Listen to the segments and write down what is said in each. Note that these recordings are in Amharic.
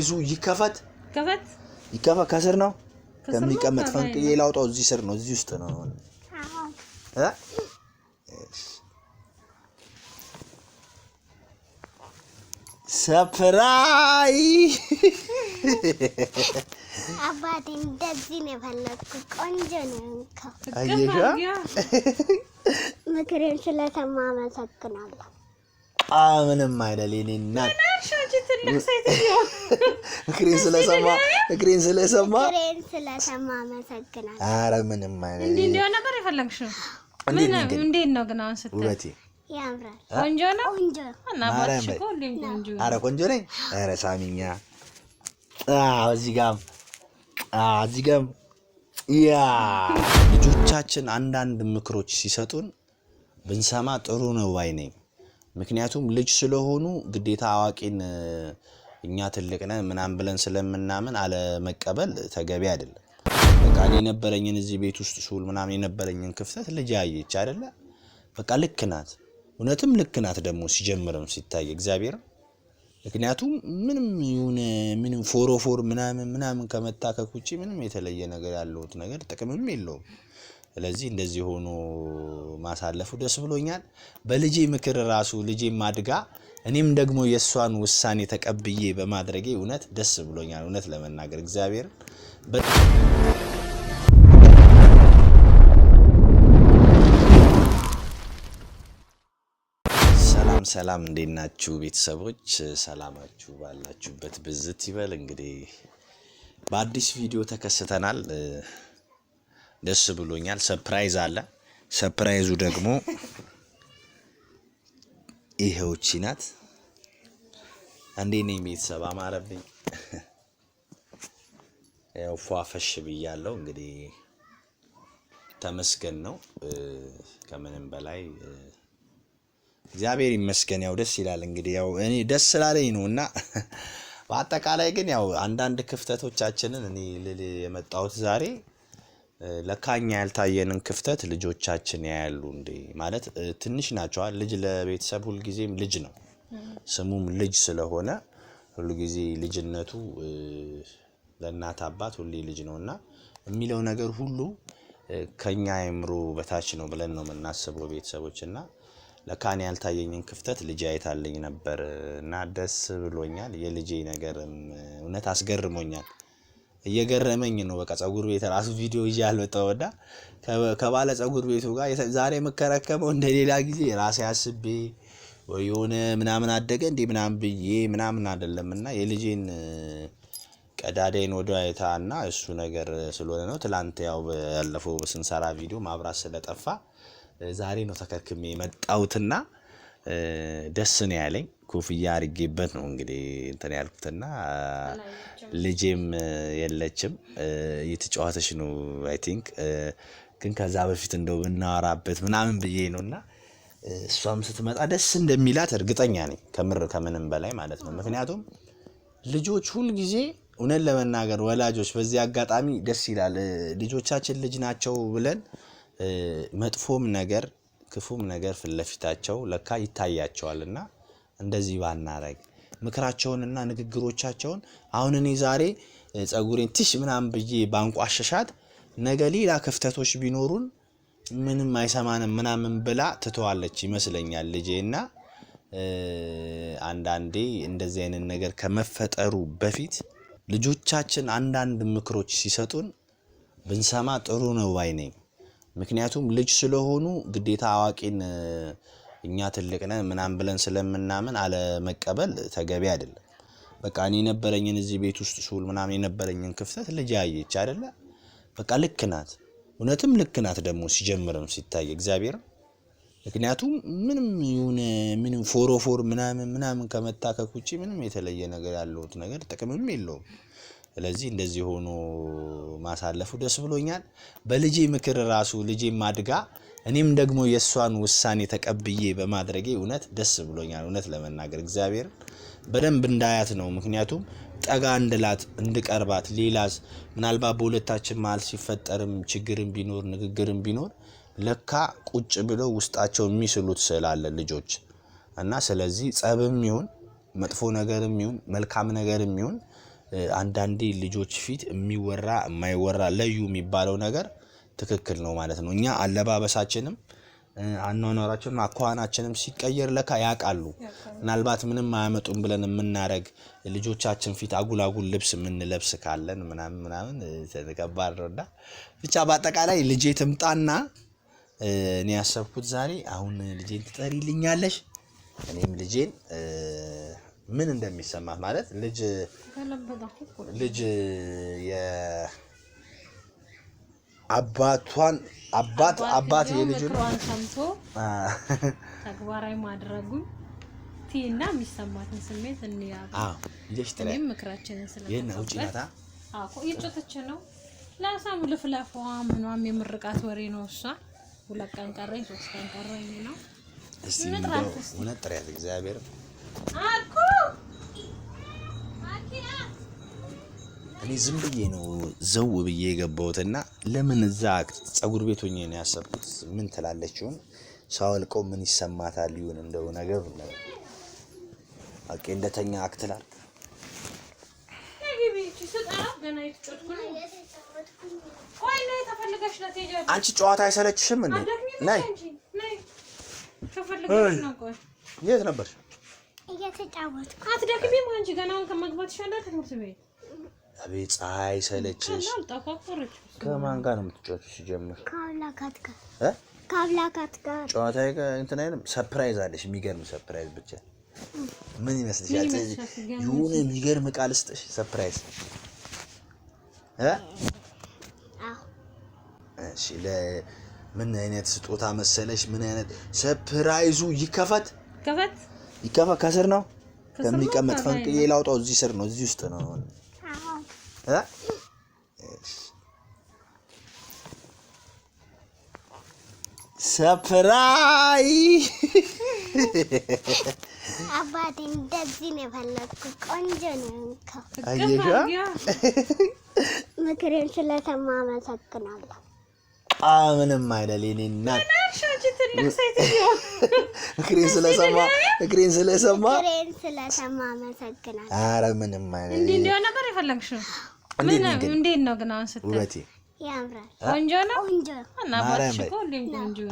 ሳይዙ ይከፈት ከፈት ይከፈት ከስር ነው ከሚቀመጥ ፈንቅዬ ላውጣው። እዚህ ስር ነው፣ እዚህ ውስጥ ነው። ሰፕራይ አባቴ እንደዚህ ነው የፈለግኩት። ቆንጆ ነው። ምክሬን ስለሰማ አመሰግናለሁ። ምንም አይደል የኔ እናት እግሬን ስለሰማ እግሬን ስለሰማ ስለሰማ አመሰግናለሁ። አረ ምንም አይነት እንዲህ እንዲሆን ነበር የፈለግሽው። እንዴት ነው ግን አሁን ስትል ውበቴ ያምራል። ቆንጆ ነው። አረ ቆንጆ ነኝ። ኧረ ሳሚኛ እዚህ ጋርም እዚህ ጋርም ያ ልጆቻችን አንዳንድ ምክሮች ሲሰጡን ብንሰማ ጥሩ ነው ባይ ነኝ። ምክንያቱም ልጅ ስለሆኑ ግዴታ አዋቂን እኛ ትልቅ ነን ምናምን ብለን ስለምናምን አለመቀበል ተገቢ አይደለም። በቃ የነበረኝን እዚህ ቤት ውስጥ ስውል ምናምን የነበረኝን ክፍተት ልጅ አየች አይደለ? በቃ ልክ ናት፣ እውነትም ልክ ናት። ደግሞ ሲጀምርም ሲታይ እግዚአብሔር ምክንያቱም ምንም የሆነ ምንም ፎሮፎር ምናምን ምናምን ከመታከክ ውጭ ምንም የተለየ ነገር ያለሁት ነገር ጥቅምም የለውም። ስለዚህ እንደዚህ ሆኖ ማሳለፉ ደስ ብሎኛል። በልጄ ምክር ራሱ ልጄ ማድጋ እኔም ደግሞ የእሷን ውሳኔ ተቀብዬ በማድረጌ እውነት ደስ ብሎኛል። እውነት ለመናገር እግዚአብሔር ሰላም ሰላም፣ እንዴት ናችሁ ቤተሰቦች? ሰላማችሁ ባላችሁበት ብዝት ይበል። እንግዲህ በአዲስ ቪዲዮ ተከስተናል። ደስ ብሎኛል። ሰፕራይዝ አለ። ሰፕራይዙ ደግሞ ይሄውቺ ናት። እንዴ ነኝ ቤተሰብ? አማረብኝ። ያው ፏፈሽ ብያለው። እንግዲህ ተመስገን ነው ከምንም በላይ እግዚአብሔር ይመስገን። ያው ደስ ይላል እንግዲህ ያው እኔ ደስ ስላለኝ ነው እና በአጠቃላይ ግን ያው አንዳንድ ክፍተቶቻችንን እኔ ልል የመጣሁት ዛሬ ለካኛ ያልታየንን ክፍተት ልጆቻችን ያያሉ እንዴ? ማለት ትንሽ ናቸዋል። ልጅ ለቤተሰብ ሁልጊዜም ልጅ ነው፣ ስሙም ልጅ ስለሆነ ሁልጊዜ ልጅነቱ ለእናት አባት ሁሌ ልጅ ነው እና የሚለው ነገር ሁሉ ከኛ አይምሮ በታች ነው ብለን ነው የምናስበው ቤተሰቦች እና ለካን ያልታየኝን ክፍተት ልጅ አይታለኝ ነበር እና ደስ ብሎኛል። የልጄ ነገርም እውነት አስገርሞኛል። እየገረመኝ ነው። በቃ ፀጉር ቤት ራሱ ቪዲዮ ይዤ አልወጣሁም ከባለ ፀጉር ቤቱ ጋር ዛሬ የምከረከመው እንደ ሌላ ጊዜ ራሴ አስቤ ወይ የሆነ ምናምን አደገ እንዲ ምናምን ብዬ ምናምን አይደለም እና የልጄን ቀዳዳይን ወደ አይታ እና እሱ ነገር ስለሆነ ነው። ትላንት ያው ያለፈው ስንሰራ ቪዲዮ ማብራት ስለጠፋ ዛሬ ነው ተከርክሜ የመጣሁትና ደስ ነው ያለኝ። ኮፍያ አድርጌበት ነው እንግዲህ እንትን ያልኩትና ልጄም የለችም እየተጫዋተች ነው አይ ቲንክ። ግን ከዛ በፊት እንደው ብናወራበት ምናምን ብዬ ነው እና እሷም ስትመጣ ደስ እንደሚላት እርግጠኛ ነኝ፣ ከምር ከምንም በላይ ማለት ነው። ምክንያቱም ልጆች ሁልጊዜ እውነት ለመናገር ወላጆች በዚህ አጋጣሚ ደስ ይላል። ልጆቻችን ልጅ ናቸው ብለን መጥፎም ነገር ክፉም ነገር ፊት ለፊታቸው ለካ ይታያቸዋልና እንደዚህ ባናረግ ምክራቸውንና ንግግሮቻቸውን አሁን እኔ ዛሬ ጸጉሬን ትሽ ምናምን ብዬ ባንቋሸሻት ነገ ሌላ ክፍተቶች ቢኖሩን ምንም አይሰማንም ምናምን ብላ ትተዋለች ይመስለኛል ልጄ እና አንዳንዴ እንደዚህ አይነት ነገር ከመፈጠሩ በፊት ልጆቻችን አንዳንድ ምክሮች ሲሰጡን ብንሰማ ጥሩ ነው ባይ ነኝ። ምክንያቱም ልጅ ስለሆኑ ግዴታ አዋቂን እኛ ትልቅ ነን ምናምን ብለን ስለምናምን አለመቀበል ተገቢ አይደለም። በቃ እኔ የነበረኝን እዚህ ቤት ውስጥ ስውል ምናምን የነበረኝን ክፍተት ልጅ አየች አይደለ? በቃ ልክ ናት፣ እውነትም ልክ ናት። ደግሞ ሲጀምርም ሲታይ እግዚአብሔር ምክንያቱም ምንም የሆነ ምንም ፎሮፎር ምናምን ምናምን ከመታከክ ውጭ ምንም የተለየ ነገር ያለሁት ነገር ጥቅምም የለውም። ስለዚህ እንደዚህ ሆኖ ማሳለፉ ደስ ብሎኛል። በልጄ ምክር ራሱ ልጄም ማድጋ እኔም ደግሞ የእሷን ውሳኔ ተቀብዬ በማድረጌ እውነት ደስ ብሎኛል። እውነት ለመናገር እግዚአብሔር በደንብ እንዳያት ነው። ምክንያቱም ጠጋ እንድላት እንድቀርባት፣ ሌላስ ምናልባት በሁለታችን መሀል ሲፈጠርም ችግርም ቢኖር ንግግርም ቢኖር ለካ ቁጭ ብለው ውስጣቸው የሚስሉት ስዕል አለ ልጆች እና ስለዚህ ጸብም ይሁን መጥፎ ነገርም ይሁን መልካም ነገርም ይሁን አንዳንዴ ልጆች ፊት የሚወራ የማይወራ ለዩ የሚባለው ነገር ትክክል ነው ማለት ነው። እኛ አለባበሳችንም አኗኗራችንም አኳኋናችንም ሲቀየር ለካ ያውቃሉ። ምናልባት ምንም አያመጡም ብለን የምናደርግ ልጆቻችን ፊት አጉል አጉል ልብስ የምንለብስ ካለን ምናምን ምናምን ከባድ ብቻ በአጠቃላይ ልጄ ትምጣና እኔ ያሰብኩት ዛሬ አሁን ልጄን ትጠሪልኛለሽ እኔም ልጄን ምን እንደሚሰማ ማለት ልጅ ልጅ አባቷን አባት አባት የልጅ ሰምቶ ተግባራዊ ማድረጉን ቲና የሚሰማትን ስሜት እንያም ምክራችንን ስለውጭታ እየጮተች ነው። ለሳም ልፍላፏ ምኗም የምርቃት ወሬ ነው። እሷ ሁለት ቀን ቀረኝ ሶስት ቀን ቀረኝ ነው። እስቲ እውነት ጥሪያት እግዚአብሔር አኮ እኔ ዝም ብዬ ነው ዘው ብዬ የገባሁት የገባሁትና ለምን እዛ ጸጉር ቤት ሆኜ ነው ያሰብኩት። ምን ትላለችውን ሳወልቀው ምን ይሰማታል ይሁን እንደው ነገር አቄ እንደተኛ አክትላል አንቺ ጨዋታ አይሰለችሽም እ ናይ የት ነበር? እየተጫወትኩ አትደክሚም? አንቺ ገና ይሻላል ትምህርት ቤት አቤት ፀሐይ ሰለችሽ። ከማን ጋር ነው የምትጫወቱት? ሲጀምር ከአብላካት ጋር ጨዋታ እንትን አይልም። ሰፕራይዝ አለሽ፣ የሚገርም ሰፕራይዝ ብቻ ምን ይመስልሻል? የሆነ የሚገርም ዕቃ ልስጥሽ ሰፕራይዝ እሺ ለምን አይነት ስጦታ መሰለሽ? ምን አይነት ሰፕራይዙ ይከፈት ይከፈት። ከስር ነው ከሚቀመጥ ፈንቅዬ ላውጣው። እዚህ ስር ነው፣ እዚህ ውስጥ ነው። ሰፕራይ አባቴ እንደዚህ ነው የፈለግኩት። ቆንጆ ነው እንከው ምክሬን ስለሰማ አመሰግናለሁ። ምንም አይደል የእኔ እናት ምክሬን ስለሰማ ምክሬን ስለሰማ ምክሬን ስለሰማ አመሰግናለሁ። ኧረ ምንም አይደል እንዲህ እንዲሆን ነበር የፈለግሽው እንዴት ነው ግን አሁን ስታይ ውበቴ ቆንጆ ነው።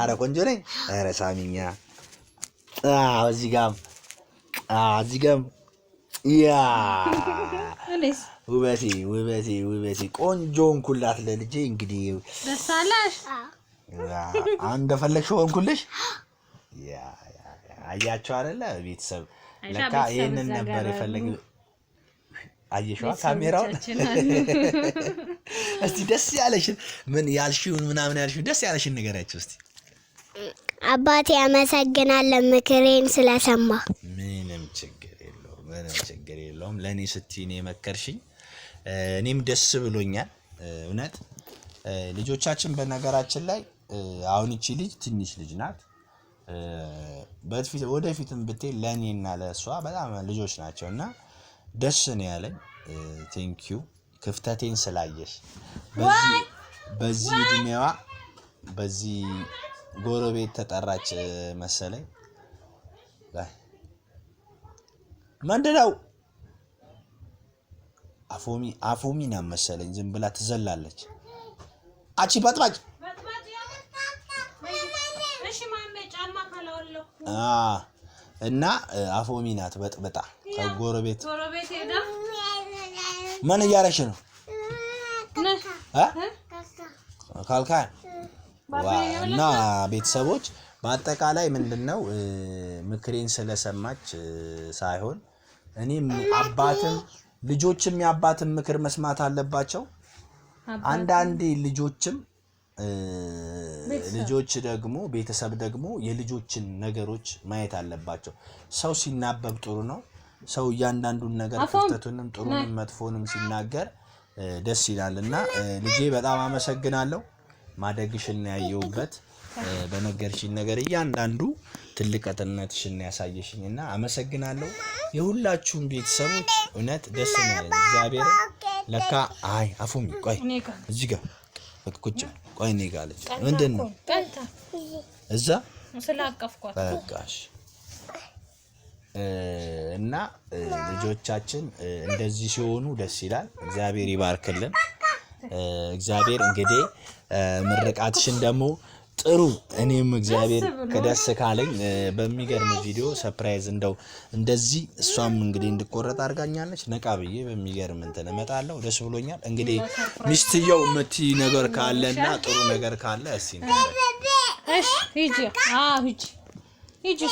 ኧረ ቆንጆ ነኝ። ኧረ ሳሚኛ እዚህ ጋም እዚህ ጋም ያ ውበቴ ውበቴ ውበቴ ቆንጆ ሆንኩላት ለልጄ። እንግዲህ ደስ አለሽ። አሁን ሆንኩልሽ። አያቸው አይደለ ቤተሰብ ለካ ይህንን ነበር የፈለግ አየሸዋ ካሜራውን። እስቲ ደስ ያለሽን ምን ያልሽውን ምናምን ያልሽውን ደስ ያለሽን ንገሪያቸው እስቲ። አባቴ አመሰግናለን ምክሬን ስለሰማ። ምንም ችግር የለውም፣ ምንም ችግር የለውም። ለእኔ ስትይ ነው መከርሽኝ፣ እኔም ደስ ብሎኛል። እውነት ልጆቻችን በነገራችን ላይ አሁን ይቺ ልጅ ትንሽ ልጅ ናት። በፊት ወደፊትም ብትይ ለእኔና ለእሷ በጣም ልጆች ናቸው እና ደስ ነው ያለኝ። ዩ ክፍተቴን ስላየሽ። በዚህ እድሜዋ በዚህ ጎረቤት ተጠራች መሰለኝ። ምንድን ነው አፎሚ አፎሚ ና መሰለኝ። ዝም ብላ ትዘላለች። አቺ በጥባጭ እና አፎሚ ናት በጥብጣ ከጎረቤት ምን እያለች ነው? ካልካ እና ቤተሰቦች በአጠቃላይ ምንድን ነው ምክሬን ስለሰማች ሳይሆን እኔም አባትም ልጆችም የአባትን ምክር መስማት አለባቸው። አንዳንዴ ልጆችም ልጆች ደግሞ ቤተሰብ ደግሞ የልጆችን ነገሮች ማየት አለባቸው። ሰው ሲናበብ ጥሩ ነው። ሰው እያንዳንዱን ነገር ክፍተቱንም ጥሩንም መጥፎንም ሲናገር ደስ ይላል እና ልጄ በጣም አመሰግናለሁ። ማደግሽን ያየሁበት በነገርሽኝ ነገር እያንዳንዱ ትልቅነትሽን ያሳየሽኝ እና አመሰግናለሁ። የሁላችሁም ቤተሰቦች እውነት ደስ ያለ እግዚአብሔር ለካ አይ አፉም ቆይ እዚህ ጋር ቁጭ ቆይ እኔ ጋር አለች ምንድን ነው እዛ ስላቀፍኳት በቃሽ እና ልጆቻችን እንደዚህ ሲሆኑ ደስ ይላል። እግዚአብሔር ይባርክልን። እግዚአብሔር እንግዲህ ምርቃትሽን ደግሞ ጥሩ እኔም እግዚአብሔር ከደስ ካለኝ በሚገርም ቪዲዮ ሰፕራይዝ እንደው እንደዚህ እሷም እንግዲህ እንድቆረጥ አድርጋኛለች። ነቃ ብዬ በሚገርም እንትን እመጣለሁ። ደስ ብሎኛል። እንግዲህ ሚስትየው ምቲ ነገር ካለ እና ጥሩ ነገር ካለ እሺ ሂጂ ሂጂ ሂጂ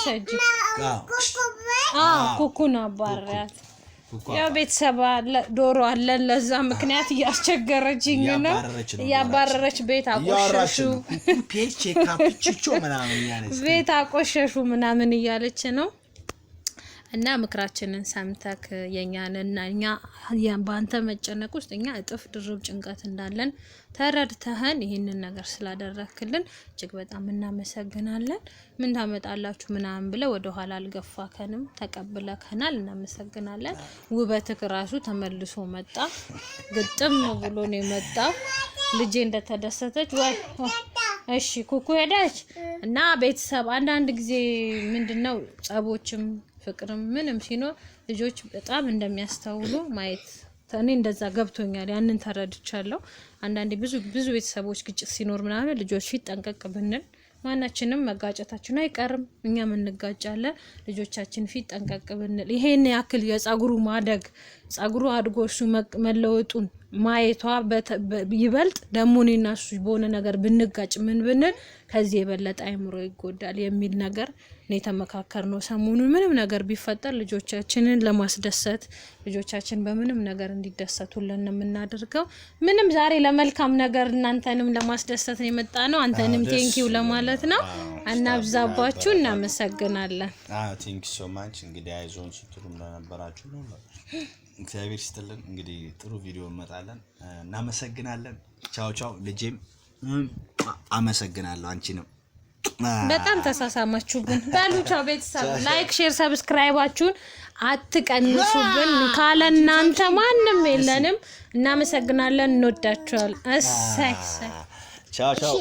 ኩኩን ነው ያው ቤተሰብ ዶሮ አለን። ለዛ ምክንያት እያስቸገረችኝ ነው እያባረረች ቤት አቆሸሹ ቤት አቆሸሹ ምናምን እያለች ነው እና ምክራችንን ሰምተክ የኛን እና እኛ በአንተ መጨነቅ ውስጥ እኛ እጥፍ ድርብ ጭንቀት እንዳለን ተረድተህን ይህንን ነገር ስላደረክልን እጅግ በጣም እናመሰግናለን። ምን ታመጣላችሁ ምናምን ብለ ወደ ኋላ አልገፋከንም፣ ተቀብለከናል። እናመሰግናለን። ውበትክ ራሱ ተመልሶ መጣ፣ ግጥም ብሎ ነው የመጣው። ልጄ እንደተደሰተች ወይ እሺ፣ ኩኩ ሄደች እና ቤተሰብ አንዳንድ ጊዜ ምንድነው ጸቦችም ፍቅርም ምንም ሲኖር ልጆች በጣም እንደሚያስተውሉ ማየት እኔ እንደዛ ገብቶኛል። ያንን ተረድቻለሁ። አንዳንዴ ብዙ ብዙ ቤተሰቦች ግጭት ሲኖር ምናምን ልጆች ፊት ጠንቀቅ ብንል ማናችንም መጋጨታችን አይቀርም። እኛም እንጋጫለን። ልጆቻችን ፊት ጠንቀቅ ብንል ይሄን ያክል የጸጉሩ ማደግ ጸጉሩ አድጎ እሱ መለወጡን ማየቷ ይበልጥ ደግሞ እኔና እሱ በሆነ ነገር ብንጋጭ ምን ብንል ከዚህ የበለጠ አይምሮ ይጎዳል የሚል ነገር ነው ነው። ሰሞኑን ምንም ነገር ቢፈጠር ልጆቻችንን ለማስደሰት ልጆቻችን በምንም ነገር እንዲደሰቱልን የምናደርገው ምንም ዛሬ ለመልካም ነገር እናንተንም ለማስደሰት የመጣ ነው። አንተንም ቴንኪው ለማለት ነው። አናብዛባችሁ፣ እናመሰግናለን። ቴንኪው ሶ ማች እንግዲህ አይዞን ስትሉ እንደነበራችሁ ነው እግዚአብሔር ይስጥልን። እንግዲህ ጥሩ ቪዲዮ እንመጣለን። እናመሰግናለን። ቻው ቻው። ልጄም አመሰግናለሁ። አንቺንም በጣም ተሳሳማችሁብን። በሉ ቻው ቤተሰብ። ላይክ፣ ሼር፣ ሰብስክራይባችሁን አትቀንሱብን። ካለ እናንተ ማንም የለንም። እናመሰግናለን። እንወዳችኋል። እሰይ ቻው ቻው።